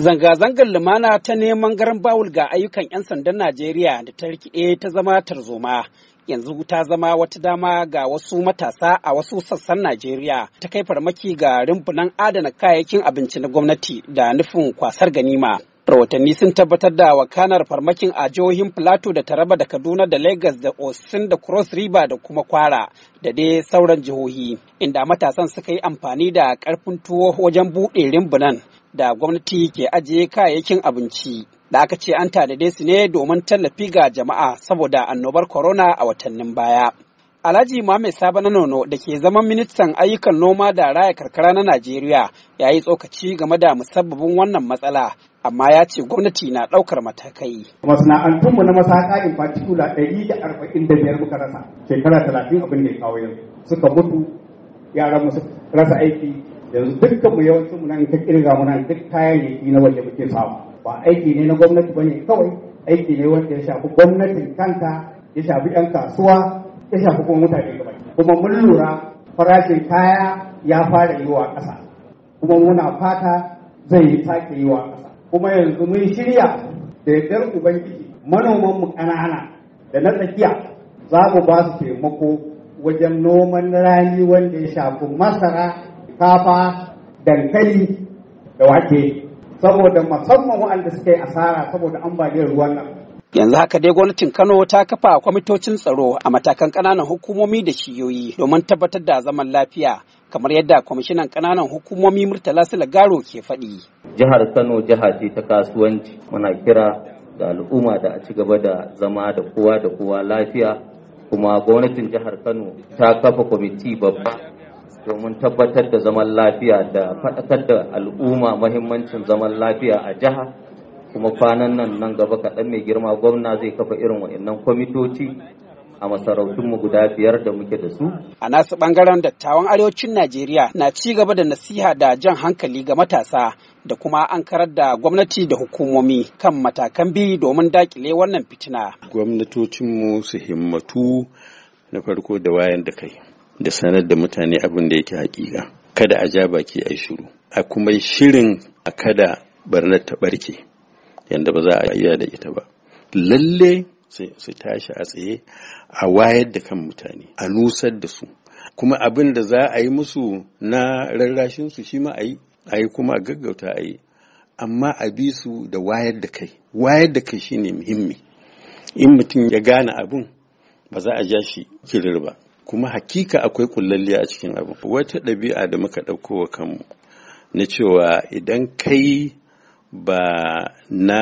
Zanga-zangar lumana ta neman garin bawul ga ayyukan 'yan sandan Najeriya da ta rikide ta zama tarzoma. Yanzu ta zama wata dama ga wasu matasa a wasu sassan Najeriya ta kai farmaki ga rumfunan adana kayayyakin abinci na gwamnati da nufin kwasar ganima. rahotanni sun tabbatar da wakanar farmakin a jihohin plateau da taraba da kaduna da lagos da osun da cross river da kuma kwara da dai sauran jihohi inda matasan suka yi amfani da karfin tuwo wajen buɗe rimbunan da gwamnati ke ajiye kayayyakin abinci da aka ce an tanade su ne domin tallafi ga jama'a saboda annobar corona a watannin baya. Alhaji Muhammad Sabana Nono da ke zaman ministan ayyukan noma da raya karkara na Najeriya ya yi tsokaci game da musabbabin wannan matsala amma ya ce gwamnati na ɗaukar matakai. Masana'antunmu na masaka in particular ɗari da arba'in da biyar muka rasa shekara talatin abin da ya kawo yanzu suka mutu yaran rasa aiki yanzu dukkan mu yawancin mu nan ta kirga mu nan duk kayayyaki na waje muke samu ba aiki ne na gwamnati bane kawai aiki ne wanda ya shafi gwamnatin kanta ya shafi yan kasuwa ya shafi kuma mutane gaba kuma mun lura farashin kaya ya fara yi wa ƙasa kuma muna fata zai sake yi wa ƙasa kuma yanzu mun shirya da yardar ubangiji manoman mu ƙanana da na tsakiya za mu ba su taimako wajen noman rani wanda ya shafi masara shinkafa dankali da wake saboda musamman waɗanda suka yi asara saboda ambaliyar ruwan nan yanzu haka dai gwamnatin kano ta kafa kwamitocin tsaro a matakan ƙananan hukumomi da shiyoyi domin tabbatar da zaman lafiya kamar yadda kwamishinan ƙananan hukumomi murtala silagaro ke faɗi jihar kano jiha ce ta kasuwanci muna kira da al'umma da a ci gaba da zama da kowa da kowa lafiya kuma gwamnatin jihar kano ta kafa kwamiti babba domin tabbatar da zaman lafiya da faɗakar da al'umma mahimmancin zaman lafiya a jiha kuma kwanan nan nan gaba kaɗan mai girma gwamna zai kafa irin wa'annan kwamitoci a masarautunmu guda biyar da muke da su. A nasu ɓangaren dattawan arewacin Najeriya na ci gaba da nasiha da jan hankali ga matasa da kuma an karar da gwamnati da hukumomi kan matakan bi domin dakile wannan fitina. Gwamnatocinmu su himmatu na farko da wayan da kai. da sanar da mutane abin da yake hakika kada a ja baki a shiru a kuma shirin a kada barnar ta barke yadda ba za a iya da ita ba lalle su tashi a tsaye a wayar da kan mutane a nusar da su kuma abin da za a yi musu na rarrashin su shi ma a kuma a gaggauta a yi amma a bi su da wayar da kai wayar da kai shine muhimmi in mutum ya gane abin ba za a ja shi kirir ba kuma hakika akwai kullalliya a cikin abu wata ɗabi'a da muka ɗauko wa kanmu na cewa idan kai ba na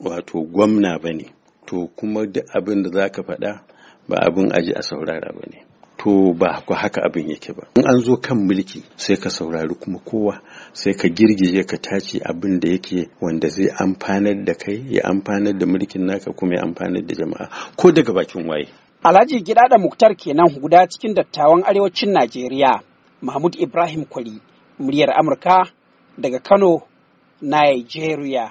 wato gwamna ba ne to kuma duk abin da za ka faɗa ba abin aji a saurara ba ne to ba ku haka abin yake ba in an zo kan mulki sai ka saurari kuma kowa sai ka girgije ka tace abin da yake wanda zai amfanar da kai ya amfanar da mulkin naka kuma ya amfanar da jama'a ko daga bakin waye Alhaji gida da Muktar kenan guda cikin dattawan arewacin Najeriya, Mahmud Ibrahim Kwari, muryar Amurka daga Kano, Nigeria.